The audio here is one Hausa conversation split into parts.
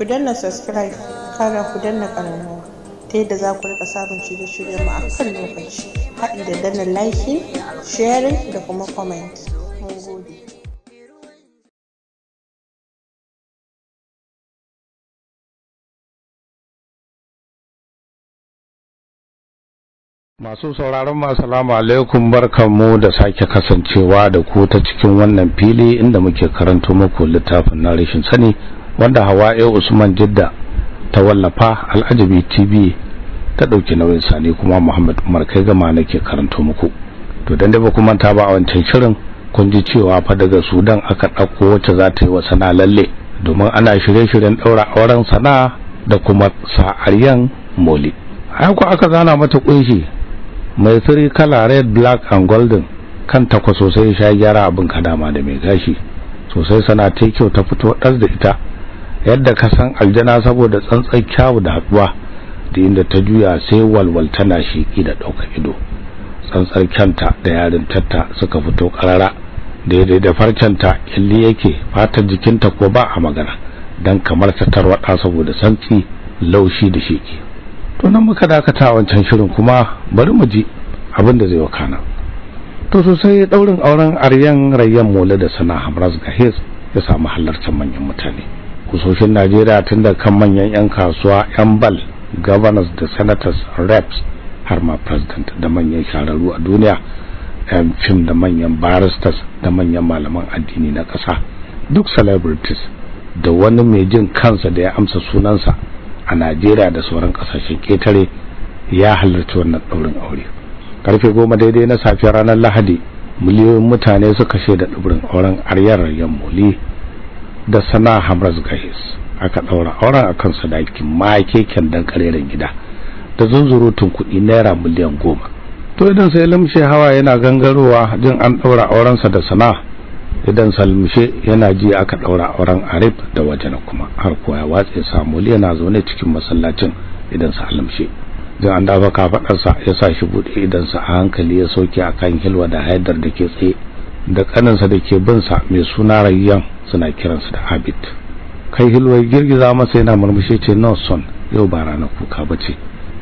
ku danna subscribe kara ku danna ƙararrawa ta yadda za ku rika samun shirye shiryen mu a kan lokaci haɗi da danna like sharing da kuma comment mun Masu sauraron mu salamu alaikum barkanmu da sake kasancewa da ku ta cikin wannan fili inda muke karanto muku littafin na rashin sani wanda hawa hawaye usman jidda ta wallafa al'ajabi tv ta ɗauki nauyin sani kuma muhammad umar kai gama nake karanto muku to dan da ba kuma ta ba a wancan shirin kun ji cewa fa daga sudan aka ɗauko wacce za ta yi wa sana lalle domin ana shirye-shiryen ɗaura auren sana da kuma sa'aryan moli haka aka zana mata kunshi mai sirri kala red black and golden kan takwa sosai sha gyara abin kadama da mai gashi sosai sana ta kyau ta fito ɗas da ita yadda ka san aljana saboda tsantsar kyawu da haduwa da inda ta juya sai walwal tana sheki da dauka ido tsantsar kyanta da yarin tatta suka fito karara daidai da farcenta killi yake fatar jikinta ko ba a magana dan kamar ta tarwada saboda santsi laushi da sheki to nan muka dakata wancan shirin kuma bari mu ji abin da zai wakana to sosai daurin auren aryan rayyan mola da sana hamras gahez ya samu halartar manyan mutane kusoshin najeriya tun da kan manyan 'yan kasuwa 'yan bal governors da senators reps har ma president da manyan shararru a duniya 'yan fim da manyan barristers da manyan malaman addini na ƙasa duk celebrities da wani mai jin kansa da ya amsa sunansa a najeriya da sauran ƙasashen ƙetare ya halarci wannan ɗaurin aure karfe goma daidai na safiyar ranar lahadi miliyoyin mutane suka shaida ɗaurin auren aryar yan moli da sana hamras gahis aka daura auren akan sadakin ma keken dan kareren gida da zunzurutun kuɗi naira miliyan goma to idan sai lamshe hawa yana gangarowa jin an daura aurensa da sana idan salmushe yana ji aka daura auren arif da wajena kuma har kuwa ya watse na yana zaune cikin masallacin idan lamshe. jin an dafa kafaɗarsa ya sa shi idan idansa a hankali ya soke akan hilwa da haidar da ke tsaye da kaninsa da ke binsa mai suna rayyan suna kiransa da abid kai hilwai girgiza masa yana murmushi ce no son yau ba ranar kuka ba ce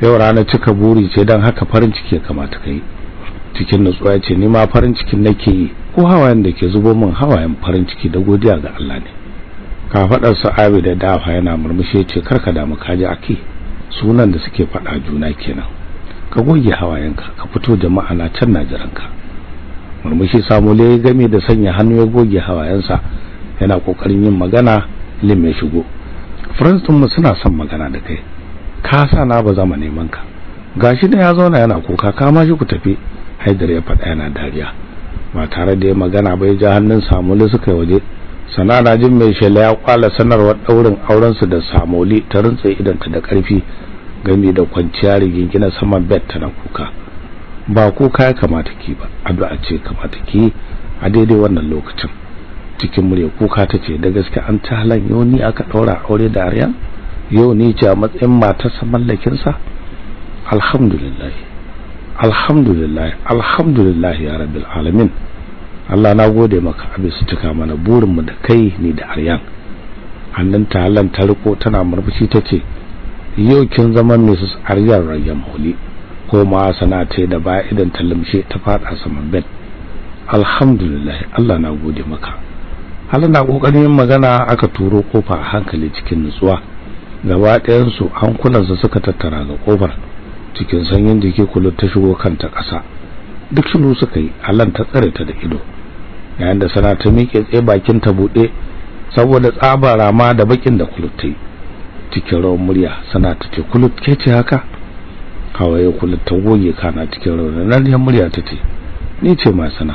yau ranar cika buri ce don haka farin ciki ya kamata ka yi cikin nutsuwa ya ce ni ma farin cikin nake yi ko hawayen da ke zubo min hawayen farin ciki da godiya ga Allah ne kafaɗar su abi da dafa yana murmushi ce karka damu kaji ake sunan da suke fada juna kenan ka goge hawayenka ka fito jama'a na can na jiranka murmushi samu ya game da sanya hannu ya goge hawayensa yana kokarin yin magana lim ya shigo friends din suna son magana da kai ka sa na ba zama neman ka gashi da ya zauna yana kuka ka ma shi ku tafi haidar ya faɗa yana dariya ba tare da ya magana ba ya ja hannun samule suka yi waje na jin mai shela ya kwala sanarwar daurin auren su da samoli ta rintsa ta da karfi gami da kwanciya rigingina saman bed tana kuka ba kuka ya kamata ki ba addu'a ce kamata ki a daidai wannan lokacin cikin murya kuka tace da gaske an talan halan yau ni aka daura aure da Aryan yau ni ce a matsayin matarsa mallakin sa alhamdulillah alhamdulillah alhamdulillah ya rabbil alamin Allah na gode maka abin su cika mana burin mu da kai ni da Aryan annan talan halan ta riko tana murmushi tace yau kin zama Mrs. Aryan Rayyan Holi koma sana ta da baya idan ta limshe ta fada saman bed alhamdulillah Allah na gode maka Allah na kokarin yin magana aka turo kofa a hankali cikin nutsuwa gaba ɗayan su su suka tattara ga kofar cikin sanyin jiki kullu ta shigo kanta ƙasa duk shiru suka yi Allah ta tsare ta da ido yayin da sana ta miƙe tsaye bakin ta buɗe saboda tsabara ma da bakin da kullu ta yi cikin rawar murya sana ta ce kullu ke ce haka kawai ya ta goge kana cikin nan ya murya ta ce ni ce ma sana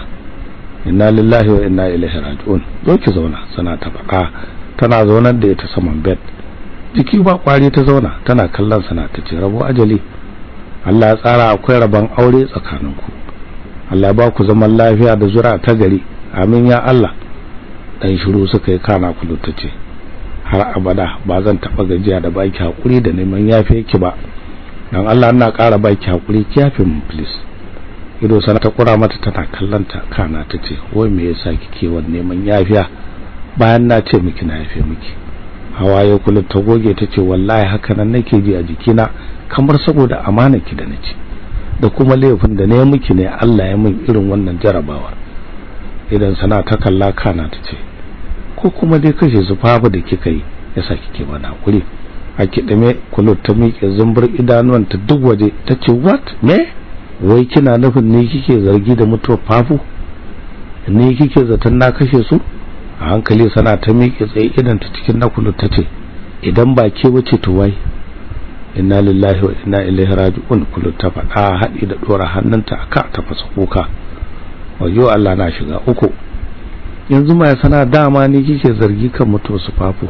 inna lillahi wa inna ilaihi raji'un zo zauna sana ta faɗa tana zaunar da ita saman bed jiki ba kwari ta zauna tana kallon sana ta ce rabo ajali Allah ya tsara akwai rabon aure tsakaninku Allah ba ku zaman lafiya da zura ta gari amin ya Allah dan shiru suka yi kana kullu ta ce har abada ba zan taba gajiya da baki hakuri da neman yafe ki ba dan Allah ina ƙara baki hakuri kiyafin mu please ido sana ta kura mata tana kallanta kana ta ce wai me yasa kike wannan neman yafiya bayan na ce miki na yafe miki ya kullum ta goge ta ce wallahi haka nan nake ji a jikina kamar saboda amana ki da nace da kuma laifin da ne miki ne Allah ya min irin wannan jarabawar idan sana ta kalla kana ta ce ko kuma dai kashe zufa da kika yi yasa kike bana hakuri a kiɗime kulut ta miƙe zumbur ta duk waje ta ce what me wai kina nufin ni kike zargi da mutuwar fafu ni kike zaton na kashe su a hankali sana ta miƙe tsaye idan ta cikin na kulut ta ce idan ba ke wace to wai inna lillahi wa inna ilaihi raji'un kulut ta faɗa haɗi da ɗora hannunta aka ta fasa kuka wajo Allah na shiga uku yanzu mai sana dama ni kike zargi kan mutuwar su fafu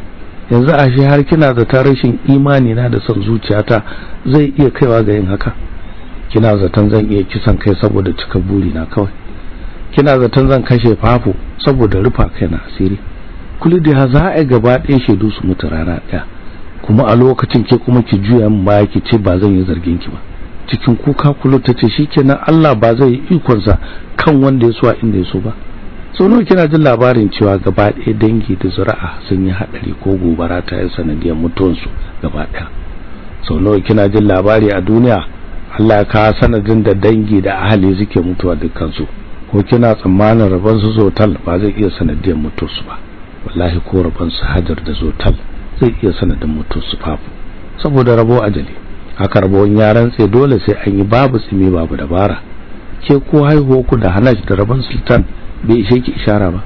yanzu ashe har kina da tarashin imani na da son zuciyata zai iya kaiwa ga yin haka kina zaton zan iya kisan kai saboda cika buri na kawai kina zaton zan kashe fafo saboda rufa kai na asiri kulli da za a gaba ɗaya shaidu su mutu rana ɗaya kuma a lokacin ke kuma ki juya min baya ki ce ba zan yi zargin ki ba cikin kuka kullu ta ce shikenan Allah ba zai yi ikonsa kan wanda ya so a inda ya so ba so kina jin labarin cewa gaba ɗaya dangi da zura'a sun yi haɗari ko gobara ta yi sanadiyar mutuwansu gaba ɗaya so kina jin labari a duniya Allah ka sanadin da dangi da ahali suke mutuwa dukkansu ko kina tsammanin rabon su zotal ba zai iya sanadiyar mutuwarsu ba wallahi ko rabon su hajar da zotal zai iya sanadin mutuwarsu babu saboda rabo ajali haka rabon yaran tsaye dole sai an yi babu tsimi babu dabara ke ko haihuwa ku da shi da rabon sultan bai ishe ki ishara ba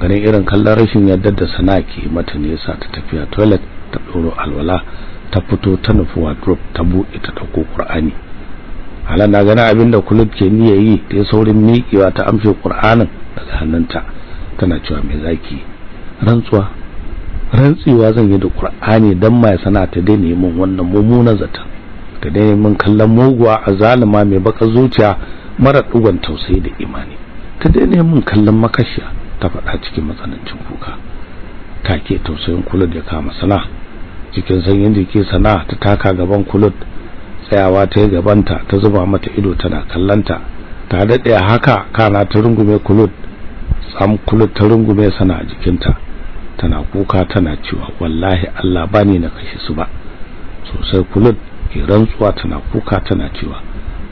ganin irin kallon rashin yadda da sana ke mata ne yasa ta tafiya toilet ta ɗoro alwala ta fito ta nufi wardrobe ta buɗe ta ɗauko ƙur'ani halan na gani abin da kulub ke niyya yi ta saurin miƙewa ta amshe ƙur'anin daga hannunta tana cewa mai zaki rantsuwa rantsewa zan yi da ƙur'ani don ya sana ta daina min wannan mummunan zata ta daina min kallon muguwa a zalima mai baka zuciya mara ɗugon tausayi da imani ta daina min kallon makashiya ta faɗa cikin matsanancin kuka take tausayin kulud ya kama sana cikin sanyin jiki sana ta taka gaban kulud tsayawa ta yi gabanta ta zuba mata ido tana kallanta ta daɗe haka kana ta rungume kulud tsam kulud ta rungume sana a jikinta tana kuka tana cewa wallahi Allah ba ni na kashe su ba sosai kulud ke rantsuwa tana kuka tana cewa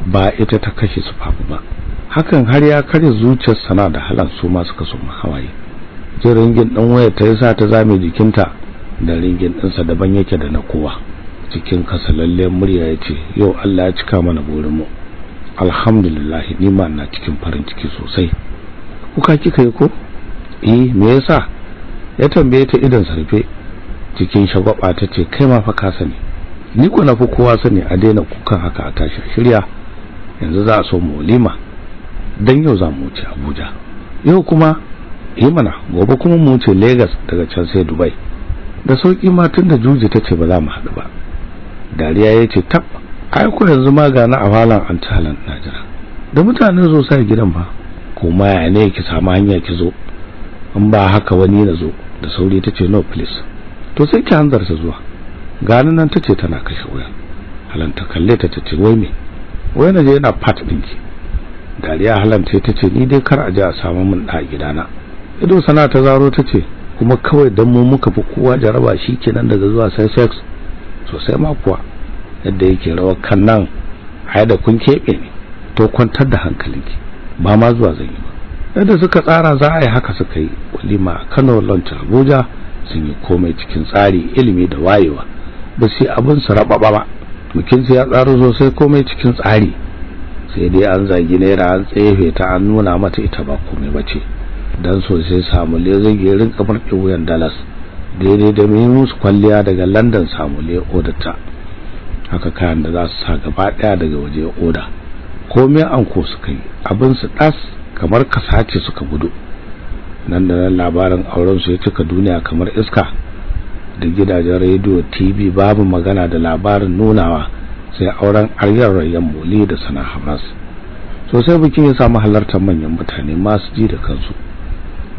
ba ita ta kashe su ba hakan har ya karya zuciyar sana da halan su ma suka so hawaye jin ringin ɗan waya ta yasa ta zame jikinta da ringin ɗinsa daban yake da na kowa cikin kasalallen murya yace yau Allah ya cika mana mu alhamdulillah ni ma na cikin farin ciki sosai kuka kika yi ko eh me yasa ya tambaye ta idan sarfe cikin shagwaba ta ce kai ma fa ka sani ni ko na fi kowa sani a daina kukan haka a tashi shirya yanzu za a so mu walima don yau za mu wuce abuja yau kuma yi gobe kuma mu wuce lagos daga can sai dubai da sauƙi ma tun da juji ta ce ba za mu haɗu ba dariya ya ce tab ai ku yanzu ma ga na a falon an talan halan na jira da mutane zo sa gidan ba kuma ya ne ki samu hanya ki zo in ba haka wani na zo da sauri ta ce no please to sai ki hanzarta zuwa gani nan ta ce tana kashe wuya halanta kalle ta ta ce wai me wai na je yana part ɗinki dariya halanta ta ce ni dai kar a ji a samu mun da gidana ido sana ta zaro ta ce kuma kawai dan mu muka fi kowa jaraba shi kenan daga zuwa sai sex sosai ma kuwa yadda yake rawar kan nan haida da kun kebe ne to kwantar da hankalinki ba ma zuwa zan yi ba yadda suka tsara za a yi haka suka yi walima Kano lunch Abuja sun yi komai cikin tsari ilimi da wayewa ba sai abin su raba ba mukin ya tsaro sosai komai cikin tsari sai dai an zagi naira an tsefe ta an nuna mata ita ba komai ba ce don sosai samule zai gerin kamar wuyan dalas daidai da mimus kwalliya daga london samule odata haka kayan da za su sa gaba daya daga waje oda komai an ko suka yi abin su ɗas kamar kasace suka gudu nan da nan labarin auren su ya cika duniya kamar iska da gidajen rediyo tv babu magana da labarin nunawa sai auren aryar rayan mole da sana hamas sosai bikin ya samu halartar manyan mutane masu ji da kansu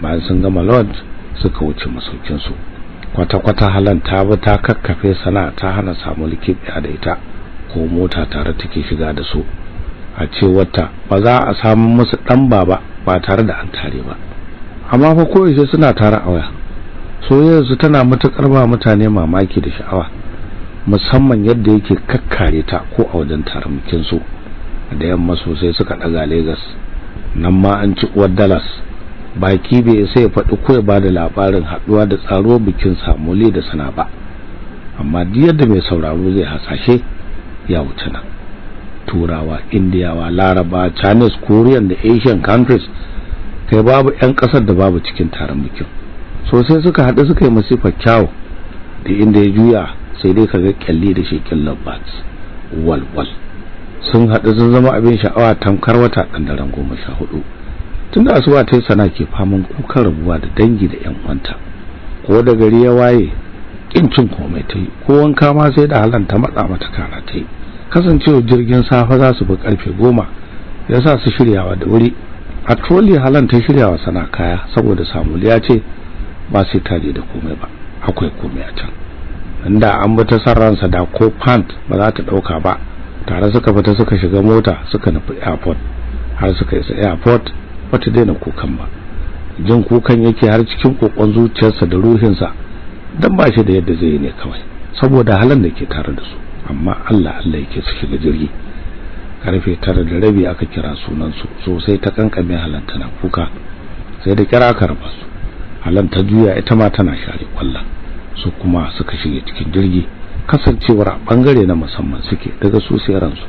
bayan sun gama lord suka wuce masaukinsu kwata-kwata halan ta bi ta kakkafe sana ta hana samu likita da ita ko mota tare take shiga da su a wata ba za a samu musu dan baba ba tare da an tare ba amma fa koyaushe suna tare a waya soyayyarsu tana matukar ba mutane mamaki da sha'awa musamman yadda yake kakkare ta ko a wajen taron bikin su da yamma sosai suka daga Lagos nan ma an ci uwar Dallas baki bai sai ya faɗi ko ya bada labarin haɗuwa da tsaro bikin Samole da sana ba amma duk yadda mai sauraro zai hasashe ya wuce nan turawa indiyawa laraba chinese korean da asian countries kai babu 'yan kasar da babu cikin taron bikin sosai suka haɗu suka yi masifa kyawu da inda ya juya sai dai kaga kyalli da shi shekin wal walwal sun haɗu sun zama abin sha'awa tamkar wata ɗandaren goma sha hudu tun da asuba ta sana ke faman kukan rabuwa da dangi da yan uwanta ko da gari ya waye ƙin cin komai ta yi ko wanka ma sai da halanta matsa mata karatai kasancewa jirgin safe za su bi karfe goma ya sa su shiryawa da wuri a troli halanta shiryawa sana kaya saboda samuel ya ce ba sai ta je da komai ba akwai komai a can inda an bi ta san ransa da ko pant ba za ta dauka ba tare suka fita suka shiga mota suka nufi airport har suka isa airport wata daina kukan ba jin kukan yake har cikin kokon zuciyarsa da ruhinsa dan ba shi da yadda zai yi ne kawai saboda halan da ke tare da su amma Allah Allah yake su shiga jirgi karfe tara da rabi aka kira sunansu sosai ta kankame halanta na kuka sai da kira aka raba su halanta juya ita ma tana share kwallon su kuma suka shige cikin jirgi kasancewar a bangare na musamman suke daga su ransu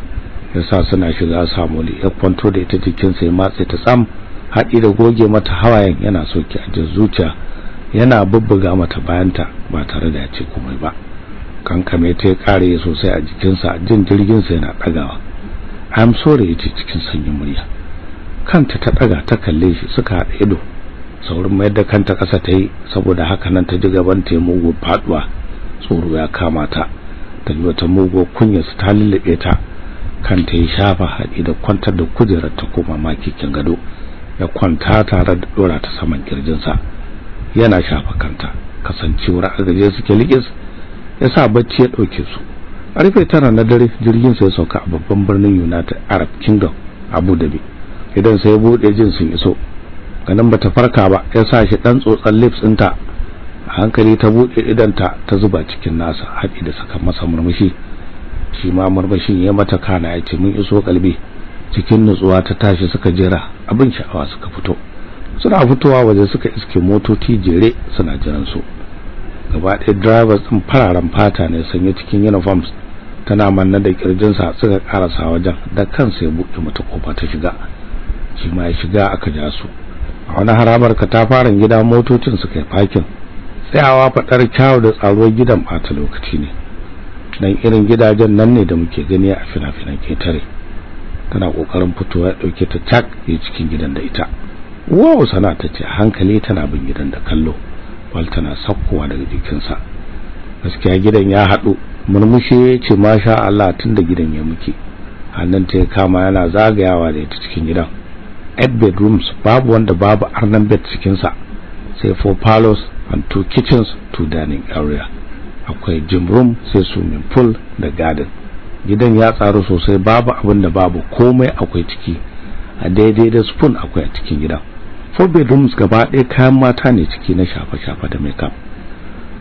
ya sa suna shiga samuli ya kwanto da ita jikinsa sai matse ta tsam haɗi da goge mata hawayen yana soki a zuciya yana bubbuga mata bayanta ba tare da ya ce komai ba kankame ta kare sosai a jikinsa a jin jirgin sa yana ɗagawa I'm sorry ce cikin sanyin murya kanta ta ɗaga ta kalle shi suka haɗa ido saurin mayar da kanta kasa ta yi saboda haka nan ta ji gaban ta mugu faduwa tsoro ya kama ta ta ji wata mugu kunya su ta lullube ta kanta ya shafa haɗi da kwantar da kujerar ta koma makikin gado ya kwanta tare da dora ta saman kirjinsa yana shafa kanta kasancewar agaje suke likis ya sa bacci ya ɗauke su a rufe tara na dare jirgin sai sauka a babban birnin united arab kingdom abu dhabi idan sai ya buɗe jin sun iso ganin bata farka ba ya sa shi dan tsotsan lips dinta hankali ta buɗe idanta ta zuba cikin nasa haɗi da saka masa murmushi shi ma murmushin ya mata kana ya ce mun iso kalbi cikin nutsuwa ta tashi suka jira abin sha'awa suka fito suna fitowa waje suka iske motoci jere suna jiran su gaba ɗaya drivers ɗin fararen fata ne sanye cikin uniforms tana manna da sa suka karasa wajen da kansa ya buɗe mata kofa ta shiga shi ma ya shiga aka ja su wani harabar fara gida motocin su kai fakin tsayawa fadar kyawu da tsaruwar gidan bata lokaci ne dan irin gidajen nan ne da muke gani a fina-finan ketare tana kokarin fitowa dauke ta tak ya cikin gidan da ita wow sana ta ce hankali tana bin gidan da kallo wal tana sakkowa daga jikinsa gaskiya gidan ya hadu ya ce masha Allah tunda gidan ya muke hannun ta kama yana zagayawa da ita cikin gidan eight bedrooms babu wanda babu arnan bed cikin sa sai four parlors and two kitchens two dining area akwai gym room sai swimming pool da garden gidan ya tsaru sosai babu abin da babu komai akwai ciki a daidai da spoon akwai a cikin gidan four bedrooms gaba ɗaya kayan mata ne ciki na shafa-shafa da makeup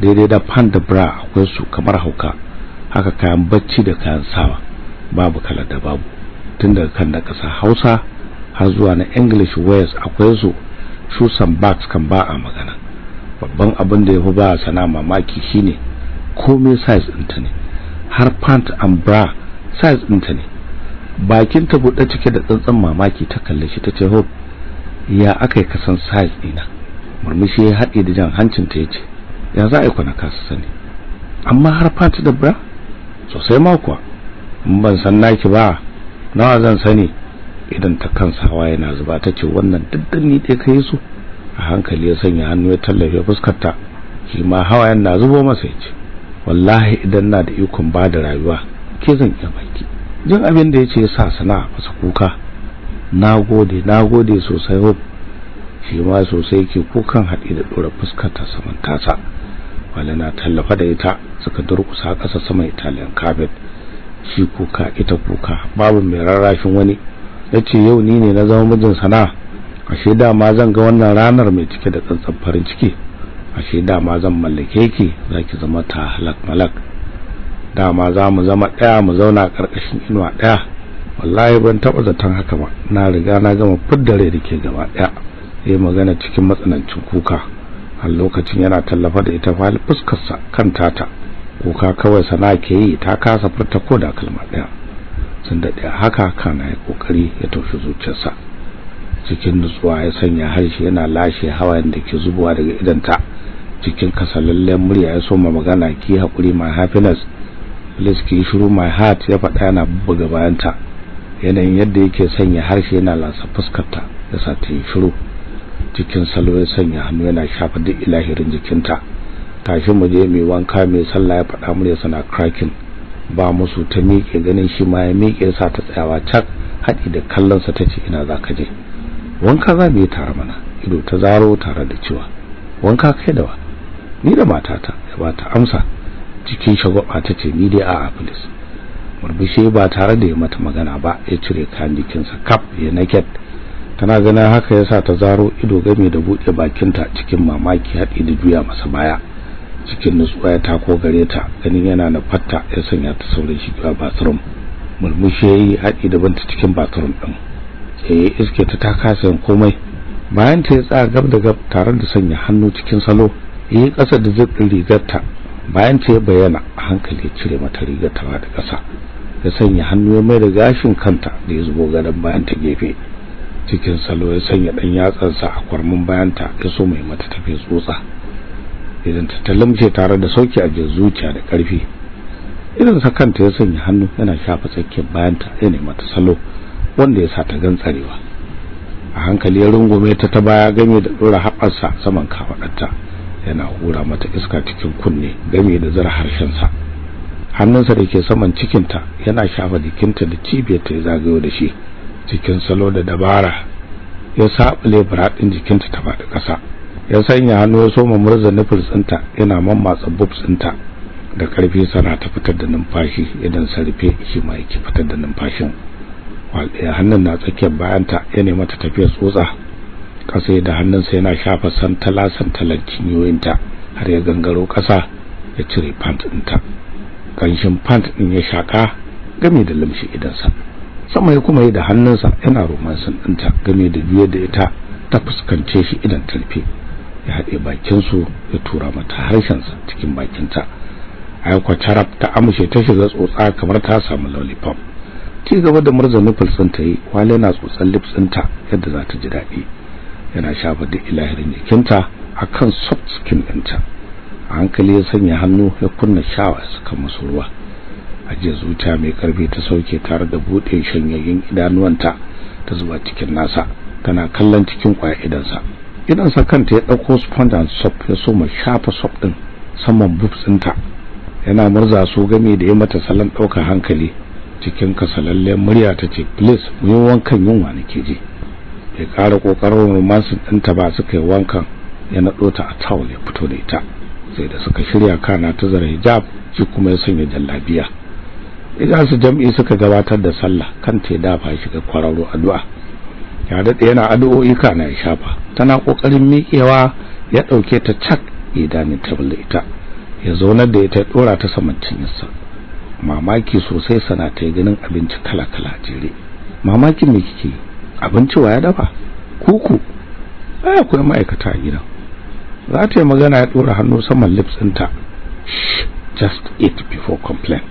daidai da pan da bra akwai su kamar hauka haka kayan bacci da kayan sawa babu kala da babu tun daga kan da ƙasa hausa har zuwa na english wales akwai su susan bax kan ba a magana babban abin da ya fi ba sana mamaki shine komai size ɗinta ne har pant and bra size ɗinta ne bakin ta buɗe cike da tsantsan mamaki ta kalle shi ta ce hope ya aka yi kasan size ɗina murmushi ya haɗe da jan ta ya ce ya za a yi kwana kasa sani amma har pant da bra sosai ma kuwa in ban san naki ba nawa zan sani idan ta kansa hawa yana zuba ta ce wannan diddan ni dai kai su a hankali ya sanya hannu ya tallafe fuskarta shi ma hawayen na zubo masa ya ce wallahi idan na da ikon ba da rayuwa ke zan iya baki jin abin da ya ce sa sana masa kuka na gode sosai hope shi ma sosai ke kukan haɗi da ɗora fuskarta saman tasa wala na tallafa da ita suka durkusa ƙasa sama italian carpet shi kuka ita kuka babu mai rarrafin wani ya ce yau ni ne na zama mijin sana ashe ma zan ga wannan ranar mai cike da tsantsan farin ciki ashe ma zan mallake ki za ki zama ta halak malak dama za mu zama ɗaya mu zauna ƙarƙashin inuwa ɗaya wallahi ban taɓa zaton haka ba na riga na gama fiddare da ke gaba ɗaya ya magana cikin matsanancin kuka a lokacin yana tallafa da ita fali fuskarsa kan tata kuka kawai sana'a ke yi ta kasa furta ko da kalma ɗaya sun daɗe haka kana ya kokari ya taushe zuciyarsa cikin nutsuwa ya sanya harshe yana lashe hawayen da ke zubuwa daga idanta cikin kasalallen murya ya soma magana ki hakuri my happiness please ki shiru my heart ya faɗa yana buga bayanta yanayin yadda yake sanya harshe yana lasa fuskarta ya sa ta yi shiru cikin salo ya sanya hannu yana shafa duk ilahirin jikinta tashi mu je mai wanka mai sallah ya faɗa murya sana cracking ba musu ta miƙe ganin shi ma ya miƙe sa ta tsayawa cak haɗi da kallonsa ta ce ina za ka je wanka za mu yi tare mana ido ta zaro tare da cewa wanka kai da wa ni da matata ya ba ta amsa cikin shagwaba ta ce ni dai a afilis murmushe ba tare da ya mata magana ba ya cire kayan jikinsa kaf ya naked tana ganin haka ya sa ta zaro ido game da buɗe bakinta cikin mamaki haɗi da juya masa baya cikin nutsuwa ya tako gare ta ganin yana na fatta ya sanya ta saurin shiga bathroom murmushi yayi haɗi da ta cikin bathroom din sai iske ta ta kasa komai bayan ta tsaya gab da gab tare da sanya hannu cikin salo yayi kasa da rigar rigarta bayan ta bayyana hankali ya cire mata rigar ta da kasa ya sanya hannu ya mai da gashin kanta da ya zubo gadon bayan ta gefe cikin salo ya sanya dan yatsansa a kwarmin ta ya so mai mata tafi tsotsa idan ta talamce tare da sauki a jin zuciya da ƙarfi idan sa kanta ya sanya hannu yana shafa tsakiyar bayanta yane mata salo wanda ya sa ta gantsarewa a hankali ya rungume ta ta baya game da dora haɓarsa saman kafaɗarta yana hura mata iska cikin kunne game da zara harshensa hannunsa da ke saman cikinta yana shafa jikinta da cibiyar ta yi zagayo da shi cikin salo da dabara ya saɓale faraɗin jikinta ta faɗi ƙasa ya sanya hannu ya soma murza nufin tsinta yana mammatsa bubtsinta da karfi sana ta fitar da numfashi idan sarfe shi ma yake fitar da numfashin walɗaya eh, hannun na tsakiyar bayanta ya nemi ta tafiya tsotsa kasa da hannunsa yana shafa santala santalan cinyoyinta har ya gangaro kasa ya cire pant ɗinta ƙanshin pant ɗin ya shaƙa game da limshi idansa sama ya kuma yi da hannunsa yana romansin ɗinta game da biye da ita ta fuskance shi idan rufe. ya haɗe bakinsu ya tura mata harshensa cikin bakinta aiko charab ta amshe ta shiga tsotsa kamar ta samu lollipop ci gaba da murza nipples sun ta yi wale na tsotsan lips yadda za ta ji daɗi yana shafa da ilahirin jikinta kan soft skin ɗinta a hankali ya sanya hannu ya kunna shawa suka masu ruwa ajiye zuciya mai karfi ta sauke tare da buɗe shanyayyen idanuwanta ta zuba cikin nasa tana kallon cikin kwaya idansa sa kanta ya ɗauko spondan soap ya so mai shafa soap ɗin saman boobs ɗinta yana murza su game da ya mata salon ɗaukar hankali cikin kasalallen murya ta ce please mu yi wankan yunwa ke ji bai ƙara ƙoƙarin romansin ɗinta ba suka yi wankan ya naɗo ta a tawul ya fito da ita sai da suka shirya kana ta zara hijab shi kuma ya sanya jallabiya idan su jam'i suka gabatar da sallah kanta ya dafa shi kwararo addu'a ya daɗe yana addu'o'i kana shafa tana kokarin miƙewa ya ɗauke ta cak idanin tabla ita ya zaunar da ita ɗora ta saman cinyarsa mamaki sosai sana ta ganin abinci kala-kala jere mamakin me kike abinci wa ya dafa kuku ai akwai ma'aikata a gidan za ta yi magana ya ɗora hannu saman lips ɗinta just eat before complain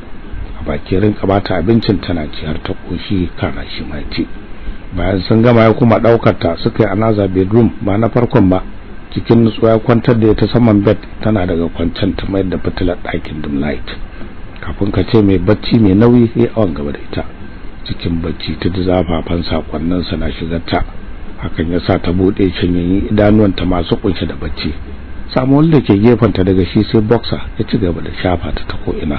a bakin rinka bata abincin tana ciyar ta koshi kana shi mai ce. bayan sun gama ya kuma daukar ta suka yi anaza bedroom ba na farkon ba cikin nutsuwa ya kwantar da ita saman bed tana daga kwancen ta mayar da fitilar ɗakin dim light kafin ka ce mai bacci mai nauyi ya awan gaba da ita cikin bacci ta ji zafafan sakonnin sa na shigar ta hakan ya sa ta bude cinyoyin idanuwan ta masu kunshi da bacci samuwar da ke gefen ta daga shi sai boxer ya ci gaba da shafa ta ta ko ina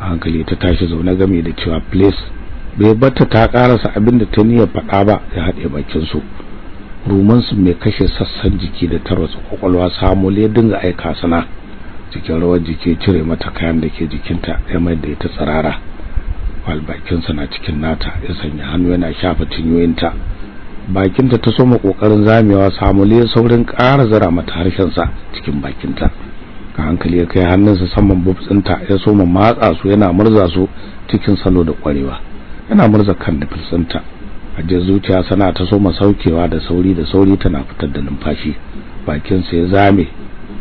hankali ta tashi zaune game da cewa place. bai bata ta karasa abinda ta niyyar faɗa ba ya haɗe bakin su rumansu mai kashe sassan jiki da tarwatsa kokolwa samu ya dinga aika sana cikin rawar jiki cire mata kayan da ke jikinta ya mai da ita tsirara sa na cikin nata ya sanya hannu yana shafa ta. bakin ta ta soma kokarin zamewa samu le saurin ƙara zara mata harshen sa cikin bakin ta. ka hankali ya kai hannunsa saman bubtsinta ya soma matsa su yana murza su cikin salo da ƙwarewa yana murza kan nufin tsinta ajiyar zuciya sana ta soma saukewa da sauri da sauri tana fitar da numfashi bakin bakinsa ya zame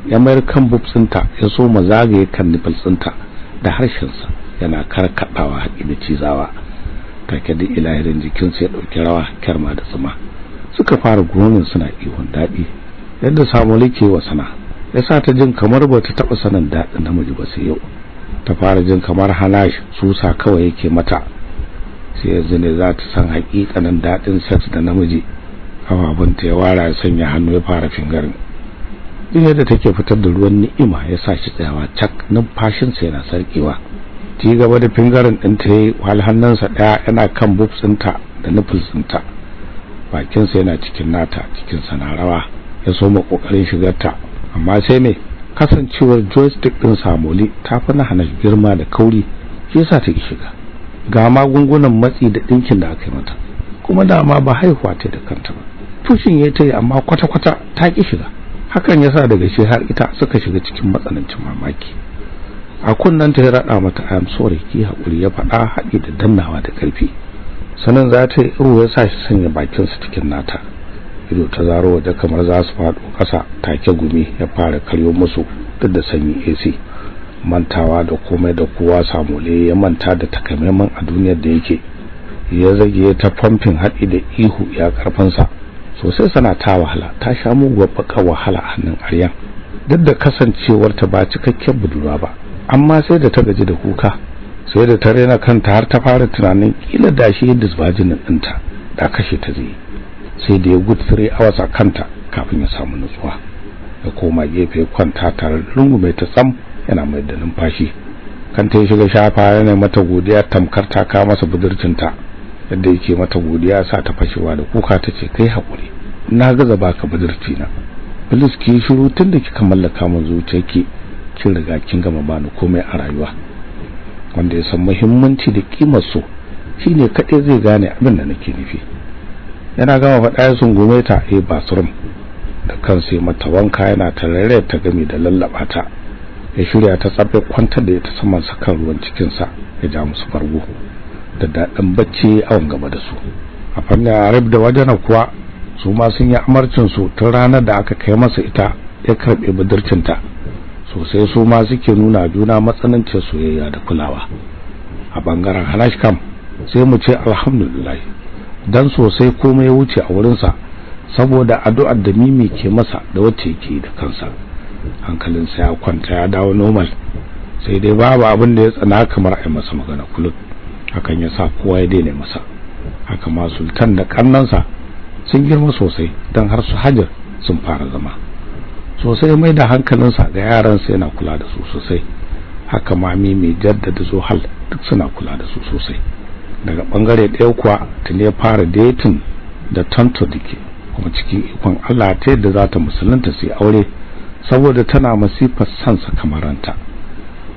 ya mayar kan bubsinta ya soma zagaye kan nufin tsinta da sa yana karkaɗawa haɗi da cizawa take da ilahirin sa ya ɗauki rawa kyarma da tsuma suka fara gonin suna ihun daɗi yadda samu ke wa sana ya sa ta jin kamar ba ta taɓa sanin daɗin namiji ba sai yau ta fara jin kamar hana susa kawai yake mata sai yanzu ne za ta san hakikanin daɗin sex da namiji ta ya wara ya sanya hannu ya fara fingarin duk yadda take fitar da ruwan ni'ima ya sa shi tsayawa cak numfashinsa yana sarkewa ci gaba da fingarin ɗinta ya yi hannunsa ɗaya yana kan bubs ɗinta da nufus ɗinta bakinsa yana cikin nata cikinsa na rawa ya soma ƙoƙarin ta amma sai me kasancewar joystick ɗin samoli ta fi na hana girma da kauri shi yasa take shiga ga magungunan matsi da ɗinkin da aka yi mata kuma dama ba haihuwa ta da kanta ba tushin ya ta yi amma kwata-kwata ta ƙi shiga hakan ya sa daga shi har ita suka shiga cikin matsanancin mamaki a kunnen ta ya raɗa mata am sorry ki haƙuri ya faɗa haɗi da dannawa da ƙarfi sannan za ta yi iru ya sa shi sanya bakinsa cikin nata ido ta zaro da kamar za su faɗo ƙasa take gumi ya fara karyo musu duk da sanyi AC mantawa da komai da kowa samu samule ya manta da takamaiman a duniyar da yake ya zage ta pumping haɗi da ihu ya karfansa sosai sana ta wahala ta sha muguwar baka wahala a hannun aryan duk da kasancewar ta ba cikakken budurwa ba amma sai da ta gaji da kuka sai da ta rena kanta har ta fara tunanin kila da shi yadda zubajinin ɗinta da kashe ta zai sai da ya gudu a wasa kanta kafin ya samu nutsuwa ya koma gefe kwanta tare da lungume ta tsam yana mai da numfashi kanta ya shiga shafa yana mata godiya tamkar ta ka masa budurcinta yadda yake mata godiya sa ta fashewa da kuka tace kai hakuri na gaza baka budurci na bilis ki shiru tunda kika mallaka mun ki kin riga kin gama bani komai a rayuwa wanda ya san muhimmanci da kimar so shine kadai zai gane abin da nake nufi yana gama faɗa ya sungume ta a bathroom da kansa ya mata wanka yana tarare ta gami da lallaba ta ya shirya ta tsafe kwantar da ita saman sakan ruwan cikinsa ya ja musu fargo da daɗin bacci awon gaba da su a fannin arab da wajen kuwa su ma sun yi amarcin su tun ranar da aka kai masa ita ya karbe budurcinta sosai su ma suke nuna juna matsanancin soyayya da kulawa a bangaren hanash kam sai mu ce alhamdulillah dan sosai komai ya wuce a wurinsa saboda addu'ar da mimi ke masa da wacce yake da kansa hankalinsa ya kwanta ya dawo normal sai dai babu abin da ya tsana kamar a masa magana kullum hakan ya sa kowa ya daina masa haka ma sultan da kannansa sun girma sosai don har su hajar sun fara zama sosai mai da hankalinsa ga yaransa yana kula da su sosai haka mi mai jaddada zohal duk suna kula da su sosai daga bangare ɗaya kuwa tuni ya fara dating da tanto dike kuma cikin ikon Allah ta yadda za ta musulunta su aure saboda tana masifar sansa kamaranta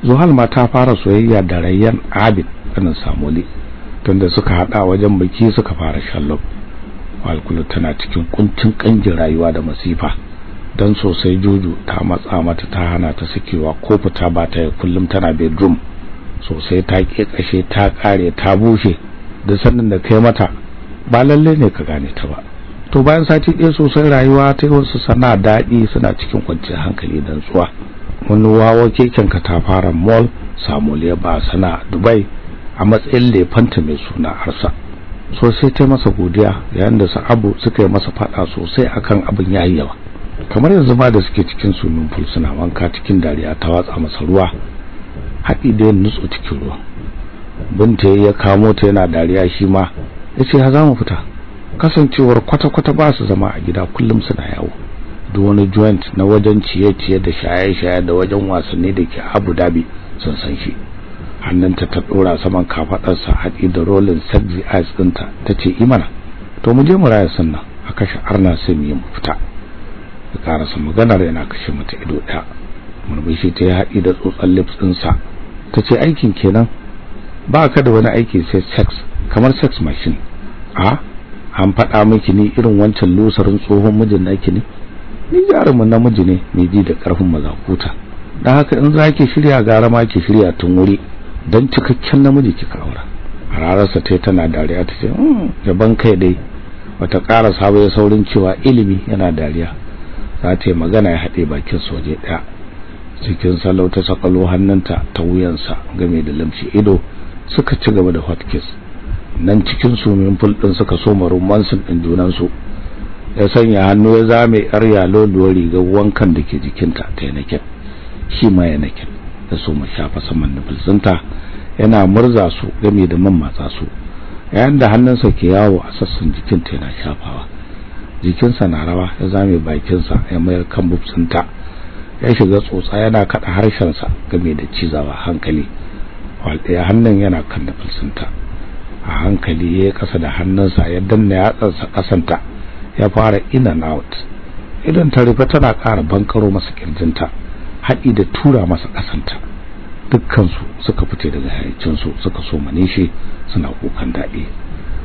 zuhal ma ta fara soyayya da rayyan abid ɗanin samuli tunda suka haɗa wajen biki suka fara shallo walkulu tana cikin kuntun ƙangin rayuwa da masifa dan sosai juju ta matsa mata ta hana ta sakewa ko fita ba ta kullum tana bedroom sosai ta ke kashe ta kare ta bushe da sannan da kai mata ba lalle ne ka gane ta ba to bayan sati ɗaya sosai rayuwa ta wasu sana daɗi suna cikin kwanciyar hankali da tsuwa wani wawa keken katafaren mall samuel ya ba sana dubai a matsayin lefanta mai suna Arsa. sosai ta masa godiya yayin da sa'abu suka yi masa faɗa sosai akan abin yayyawa. yawa kamar yanzu ma da suke cikin swimming pool suna wanka cikin dariya ta watsa masa ruwa haɗi da yin nutsu cikin ruwa binta ya kamo ta yana dariya shi ma ya ce ha za mu fita kasancewar kwata-kwata ba su zama a gida kullum suna yawo duk wani joint na wajen ciye-ciye da shaye-shaye da wajen wasanni da ke Abu Dhabi sun san shi hannunta ta dora saman kafadarsa haɗi da rolling sexy eyes ɗinta ta ce imana to mu je mu raya sannan a kashe arna sai mu yi mu fita da karasa maganar yana kashe mata ido ɗaya murmushi ta yi haɗi da tsotsan lips ɗinsa ta ce aikin kenan ba ka da wani aiki sai sex kamar sex machine a ah, an faɗa miki ni irin wancan lusarin tsohon mijin naki ne ni jarumin namiji ne mai ji da ƙarfin mazakuta dan haka in zaki shirya gara ma ki shirya tun wuri dan cikakken namiji kika aura rararsa tai tana dariya ta ce gaban hmm, kai dai wata ƙara sabo ya saurin cewa ilimi yana dariya za ta yi magana ya haɗe bakin soje ɗaya cikin salau ta sakalo hannunta ta wuyansa game da lamci ido suka ci gaba da hotcakes nan cikin sumin ful din suka soma romansin din su ya sanya hannu ya zame yar yalo rigar wankan da ke jikinta ta yanakin shi ma ya yanakin ya soma shafa saman nufilsinta yana murza su game da man matsa su yayin da hannunsa ke yawo a sassan jikinta yana shafawa jikinsa na rawa ya zame bakinsa ya mayar kan bubsinta ya shiga tsotsa yana kada harshensa game da cizawa hankali da hannun yana kan nufilsinta a hankali ya yi ƙasa da hannunsa ya danna yatsarsa ƙasanta ya fara in and out idan ta rufe tana ƙara bankaro masa kirjinta haɗi da tura masa ƙasanta dukkansu suka fice daga su suka so manishe suna kukan daɗi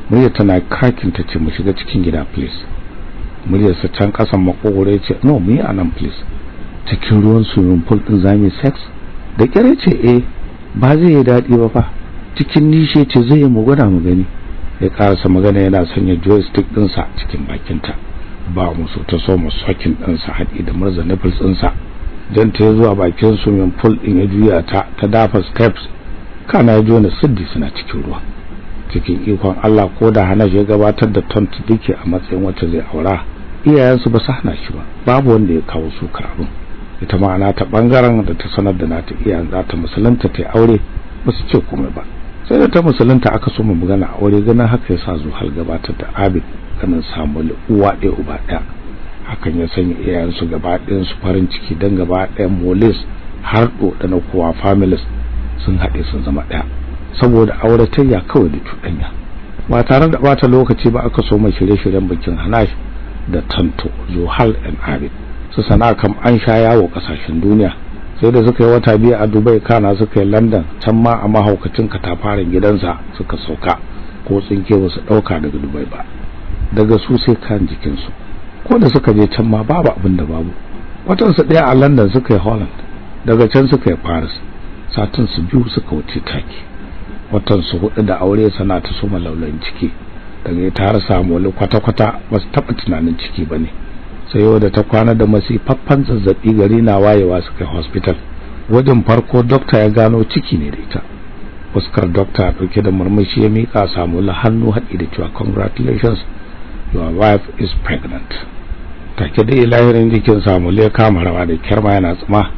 muryar tana kakin ta ce mu shiga cikin gida please sa can ƙasan makogoro ya ce no mu yi a nan please cikin ruwan swimming pool ɗin yi sex da kyare ce eh ba zai yi daɗi ba fa cikin nishe ce zai yi gwada mu gani ya karasa magana yana sanya joystick dinsa cikin bakinta ba so ta so sokin dinsa hadi da murza nipples dinsa don ta zuwa bakin su min pool din ya juya ta ta dafa steps kana ya jona siddi suna cikin ruwa cikin ikon Allah ko da hana ya gabatar da tont duke a matsayin wata zai aura iyayensu ba su shi ba babu wanda ya kawo su karabun ita ma'ana ta bangaren da ta sanar da nata iyayen za ta musulunta ta aure ba su ce komai ba sai da ta musulunta aka so mu magana aure ganin haka ya yasa zuhal gabatar da abin kanin samun uwa ɗaya uba ɗaya hakan ya sanya iyayensu gaba ɗayan su farin ciki dan gaba ɗayan molis har da na kowa families sun haɗe sun zama ɗaya saboda auratayya kawai da cuɗanya ba tare da bata lokaci ba aka so mai shirye-shiryen bikin hanash da tanto zuhal and abin su sana kam an sha yawo ƙasashen duniya sai da suka yi wata biyu a dubai kana suka yi london can ma a mahaukacin katafaren gidansa suka sauka ko tsinke ba su ɗauka daga dubai ba daga su sai kan jikinsu ko da suka je can ma babu abin da babu watansu ɗaya a london suka yi holland daga can suka yi paris satin su biyu suka wuce take watansu hudu da aure sana ta suma laulayin ciki daga ya har samu wani kwata-kwata ba su taɓa tunanin ciki ba ne sayo da ta kwana da masifaffan zazzabi gari na wayewa suka hospital wajen farko dokta ya gano ciki ne da ita fuskar dokta dauke da murmushi ya mika samu la hannu haɗi da cewa congratulations your wife is pregnant take da ilahirin jikin samu le kama rawa da kyarma yana tsama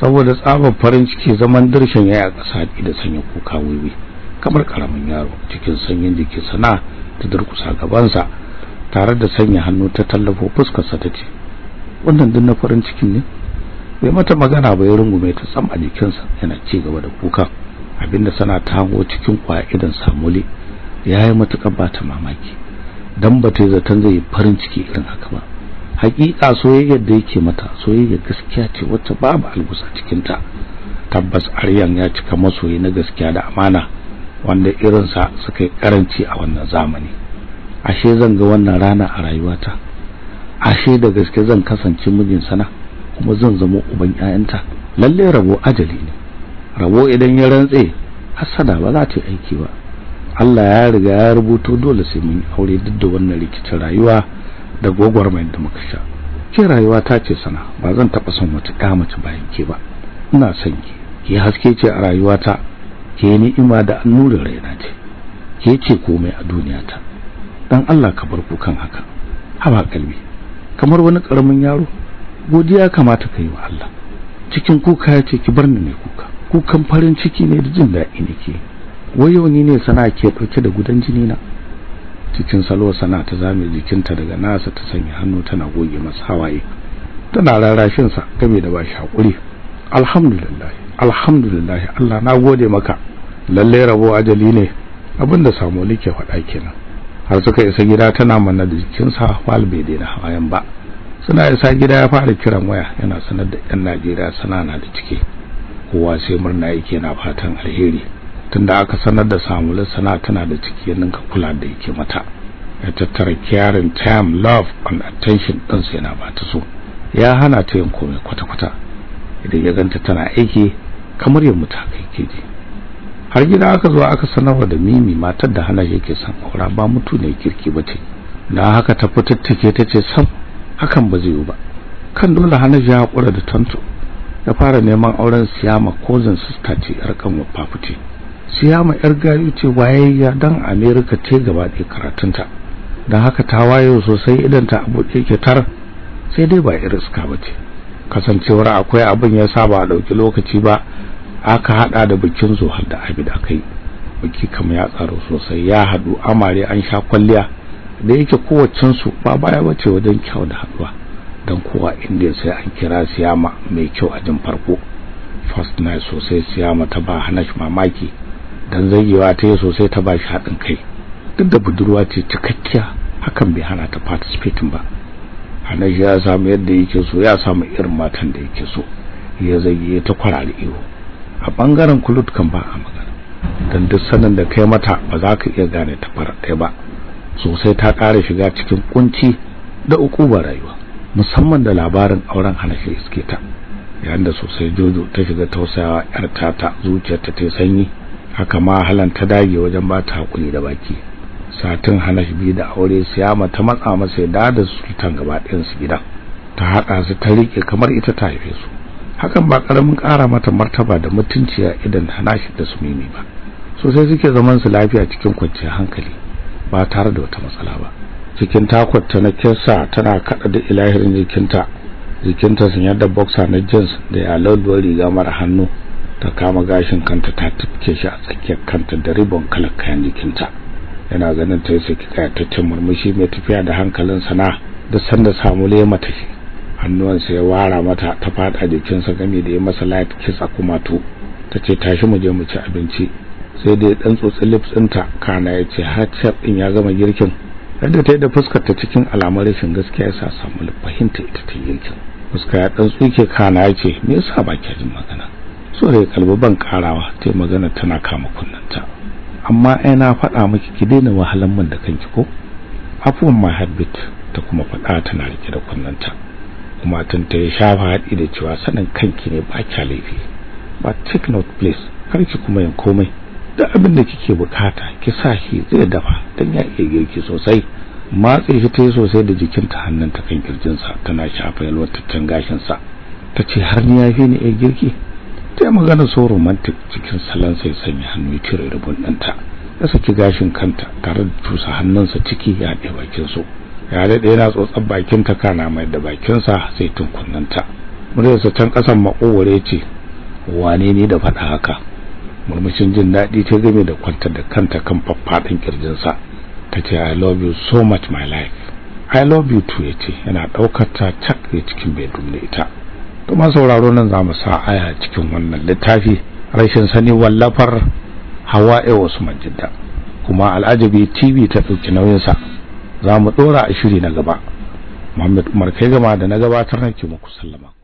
saboda tsabar farin ciki zaman dirshin yi a ƙasa da sanya kuka wiwi kamar karamin yaro cikin sanyin jikin sana ta durkusa gabansa tare da sanya hannu ta tallafo fuskarsa ta ce wannan duk na farin cikin ne bai mata magana ba ya rungume ta tsam a sa yana ci gaba da kuka abinda sana ta hango cikin kwaya idan samuli ya yi matuƙar ba mamaki dan ba ta yi zaton zai yi farin ciki irin haka ba hakika soyayyar da yake mata soyayyar gaskiya ce wacce babu algusa ta tabbas aryan ya cika masoyi na gaskiya da amana wanda irinsa suka yi karanci a wannan zamani ashe zan ga wannan rana a rayuwata ashe da gaske zan kasance mijin sana kuma zan zama uban ƴaƴanta lalle rabo ajali ne rabo idan ya rantse hasada ba za ta aiki ba Allah ya riga ya rubuto dole sai mun aure duk da wannan rikicin rayuwa da gwagwarmayar da muka sha ke rayuwa ta ce sana ba zan taɓa son wata ɗa mace bayan ke ba ina son ki ki haske ce a rayuwata ke ni'ima da annurin raina ce ke ce komai a duniyata dan Allah ka bar kukan haka haba kalbi kamar wani karamin yaro godiya kamata ka yi wa Allah cikin kuka ya ki bar ni ne kuka kukan farin ciki ne da jin daɗi nake wayo ni ne sana ke ɗauke da gudan jini na cikin salo sana ta zame jikinta daga nasa ta sanya hannu tana goge masa hawaye tana rarashin sa game da ba shi hakuri alhamdulillah alhamdulillah Allah na gode maka lalle rabo ajali ne abinda samu like faɗa kenan har suka isa gida tana mana da jikinsa wal bai daina hawayen ba suna isa gida ya fara kiran waya yana sanar da yan Najeriya sana na da ciki kowa sai murna yake na fatan alheri tunda aka sanar da Samuel sana tana da ciki ninka kula da yake mata ya tattara caring time love and attention din sai na bata so ya hana ta yin komai kwata-kwata idan ya ganta tana aiki kamar yamma ta kai keji har gida aka zo aka sanarwa da mimi matar da hana yake son aura ba mutu ne kirki bace na haka ta fitattake tace sam hakan ba zai yi ba kan dole hana ya hakura da tantu ya fara neman auren siyama cousin sister ce yar kanwa paputi siyama yar gayu ce wayayya dan america ce gaba da karatunta dan haka ta wayo sosai idan ta abu ke tar sai dai ba irin bace kasancewar akwai abin ya saba dauki lokaci ba aka hada da bikin zuhal da abida kai biki kamar ya tsaro sosai ya hadu amare an sha kwalliya da yake kowacin su ba baya bace wajen kyau da haduwa dan kowa inda ya sai an kira siyama mai kyau a jin farko first night sosai siyama ta ba hanash mamaki dan zagewa ta yi sosai ta ba shi hadin kai duk da budurwa ce cikakkiya hakan bai hana ta participating ba hanash ya samu yadda yake so ya samu irin matan da yake so ya zage ta kwarare iyo. a bangaren kulut kan ba a magana don duk sanin da kai mata ba za ka iya gane ta fara ba sosai ta ƙara shiga cikin kunci da uku ba rayuwa musamman da labarin auren hanashi iske ta yayin da sosai jojo ta shiga tausayawa yar tata zuciyarta ta sanyi haka ma halan ta dage wajen ba ta hakuri da baki satin hanashi biyu da aure siyama mata matsa masa ya da sultan gaba ɗayan su gidan ta haɗa su ta riƙe kamar ita ta haife su hakan ba karamin kara mata martaba da mutunci a idan hanashi da sumimi ba sosai suke zaman su lafiya cikin kwanciyar hankali ba tare da wata matsala ba cikin takwata na kinsa tana kada da ilahirin jikinta jikinta sun yadda boxer na jeans da ya lauduwar riga mara hannu ta kama gashin kanta ta tufke shi a tsakiyar kanta da ribon kalar kayan jikinta yana ganin ta yi saki kayataccen murmushi mai tafiya da hankalin sana da sanda samu lema ta shi hannuwansa ya wara mata ta fada jikinsa game da ya masa light kiss a kumatu tace tashi mu je mu ci abinci sai dai ya dan tsotsi lips ɗinta kana ya ce har chef din ya gama girkin yadda ta yi da fuskar ta cikin alamar rashin gaskiya ya sa samu fahimta ita ta girkin fuska ya dan tsuke kana ya ce me yasa ba ki jin magana so da kalbi ban karawa ta magana tana kama kunnanta amma ai na faɗa miki ki daina wahalan mun da kanki ko afuwan my ta kuma faɗa tana rike da kunnanta matan ta ya shafa haɗi da cewa sanin kanki ne ba kya laifi ba take note please kar ki kuma yin komai da abin da kike bukata ki sa shi zai dafa dan ya iya girki sosai matse shi ta yi sosai da jikin ta hannun ta kan kirjin sa tana shafa yalwar tattan gashin sa tace har ni ya fi ni iya girki tayi yi magana so romantic cikin salon sai sanya hannu ya cire rubun ɗanta ya saki gashin kanta tare da tusa hannunsa ciki ya ɗaya bakin so ya daɗe yana tsotsar bakinta kana mai da bakinsa sai tunkunnanta muryarsa can kasan makoware ce wane ne da faɗa haka murmushin jin daɗi ta game da kwantar da kanta kan faffaɗin ƙirjinsa ta ce i love you so much my life i love you too ya ce yana ɗaukar ta cak ne cikin bedroom da ita to ma sauraro nan za mu sa aya cikin wannan littafi rashin sani wallafar hawa'i wasu majidda kuma al'ajabi tv ta ɗauki nauyinsa za mu ɗora a shiri na gaba Muhammad Umar kai gama da na gabatar nake muku sallama